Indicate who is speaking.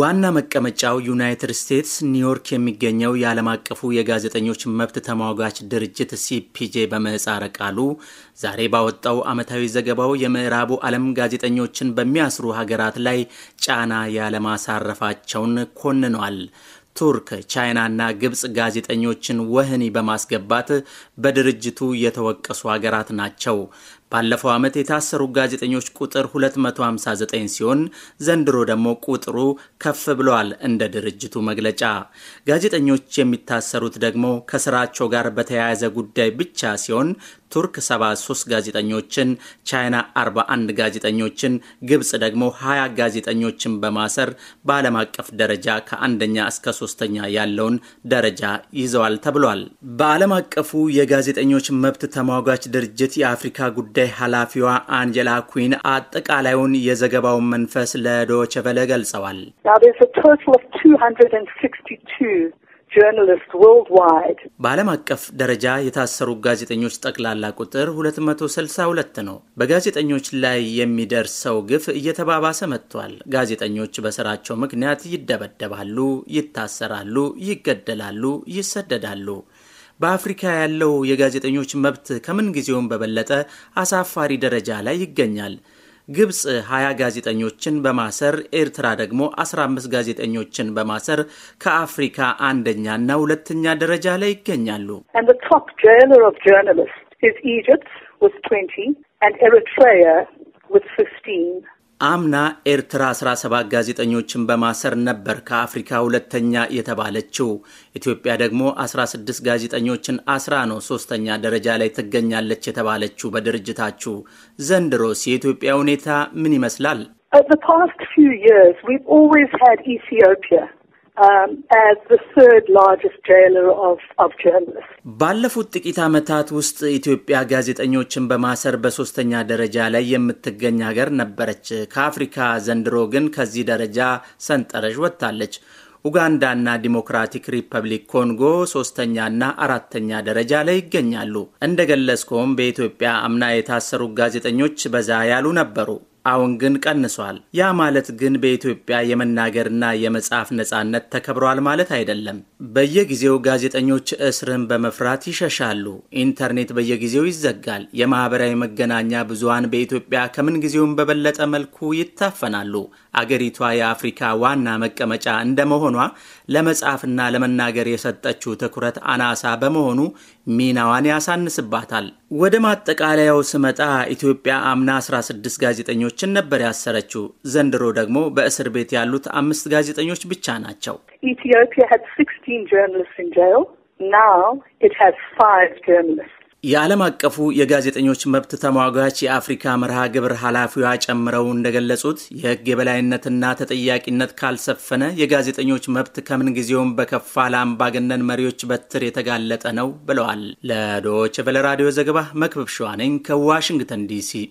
Speaker 1: ዋና መቀመጫው ዩናይትድ ስቴትስ ኒውዮርክ የሚገኘው የዓለም አቀፉ የጋዜጠኞች መብት ተሟጋች ድርጅት ሲፒጄ በምህጻረ ቃሉ ዛሬ ባወጣው ዓመታዊ ዘገባው የምዕራቡ ዓለም ጋዜጠኞችን በሚያስሩ ሀገራት ላይ ጫና ያለማሳረፋቸውን ኮንኗል። ቱርክ፣ ቻይናና ግብፅ ጋዜጠኞችን ወህኒ በማስገባት በድርጅቱ የተወቀሱ ሀገራት ናቸው። ባለፈው ዓመት የታሰሩ ጋዜጠኞች ቁጥር 259 ሲሆን ዘንድሮ ደግሞ ቁጥሩ ከፍ ብለዋል። እንደ ድርጅቱ መግለጫ ጋዜጠኞች የሚታሰሩት ደግሞ ከስራቸው ጋር በተያያዘ ጉዳይ ብቻ ሲሆን ቱርክ 73 ጋዜጠኞችን፣ ቻይና 41 ጋዜጠኞችን፣ ግብፅ ደግሞ 20 ጋዜጠኞችን በማሰር በዓለም አቀፍ ደረጃ ከአንደኛ እስከ ሶስተኛ ያለውን ደረጃ ይዘዋል ተብሏል። በዓለም አቀፉ የጋዜጠኞች መብት ተሟጋች ድርጅት የአፍሪካ ጉዳይ ጉዳይ ኃላፊዋ አንጀላ ኩዊን አጠቃላዩን የዘገባውን መንፈስ ለዶቼ ቬለ ገልጸዋል። በዓለም አቀፍ ደረጃ የታሰሩ ጋዜጠኞች ጠቅላላ ቁጥር 262 ነው። በጋዜጠኞች ላይ የሚደርሰው ግፍ እየተባባሰ መጥቷል። ጋዜጠኞች በስራቸው ምክንያት ይደበደባሉ፣ ይታሰራሉ፣ ይገደላሉ፣ ይሰደዳሉ። በአፍሪካ ያለው የጋዜጠኞች መብት ከምን ጊዜውም በበለጠ አሳፋሪ ደረጃ ላይ ይገኛል። ግብፅ 20 ጋዜጠኞችን በማሰር ኤርትራ ደግሞ 15 ጋዜጠኞችን በማሰር ከአፍሪካ አንደኛና ሁለተኛ ደረጃ ላይ ይገኛሉ። ኢጅፕት አምና ኤርትራ 17 ጋዜጠኞችን በማሰር ነበር ከአፍሪካ ሁለተኛ የተባለችው። ኢትዮጵያ ደግሞ 16 ጋዜጠኞችን አስራ ነው ሶስተኛ ደረጃ ላይ ትገኛለች የተባለችው። በድርጅታችሁ ዘንድሮስ የኢትዮጵያ ሁኔታ ምን ይመስላል? Um, ባለፉት ጥቂት ዓመታት ውስጥ ኢትዮጵያ ጋዜጠኞችን በማሰር በሶስተኛ ደረጃ ላይ የምትገኝ ሀገር ነበረች። ከአፍሪካ ዘንድሮ ግን ከዚህ ደረጃ ሰንጠረዥ ወጥታለች። ኡጋንዳና ዲሞክራቲክ ሪፐብሊክ ኮንጎ ሶስተኛና አራተኛ ደረጃ ላይ ይገኛሉ። እንደ ገለጽከውም በኢትዮጵያ አምና የታሰሩት ጋዜጠኞች በዛ ያሉ ነበሩ። አሁን ግን ቀንሷል። ያ ማለት ግን በኢትዮጵያ የመናገርና የመጻፍ ነጻነት ተከብሯል ማለት አይደለም። በየጊዜው ጋዜጠኞች እስርን በመፍራት ይሸሻሉ። ኢንተርኔት በየጊዜው ይዘጋል። የማህበራዊ መገናኛ ብዙሃን በኢትዮጵያ ከምን ጊዜውም በበለጠ መልኩ ይታፈናሉ። አገሪቷ የአፍሪካ ዋና መቀመጫ እንደመሆኗ ለመጻፍና ለመናገር የሰጠችው ትኩረት አናሳ በመሆኑ ሚናዋን ያሳንስባታል። ወደ ማጠቃለያው ስመጣ ኢትዮጵያ አምና 16 ጋዜጠኞችን ነበር ያሰረችው። ዘንድሮ ደግሞ በእስር ቤት ያሉት አምስት ጋዜጠኞች ብቻ ናቸው። ኢትዮጵያ የዓለም አቀፉ የጋዜጠኞች መብት ተሟጋች የአፍሪካ መርሃ ግብር ኃላፊዋ ጨምረው እንደገለጹት የሕግ የበላይነትና ተጠያቂነት ካልሰፈነ የጋዜጠኞች መብት ከምንጊዜውም በከፋ ለአምባገነን መሪዎች በትር የተጋለጠ ነው ብለዋል። ለዶች ቨለ ራዲዮ ዘገባ መክብብ ሸዋነኝ ከዋሽንግተን ዲሲ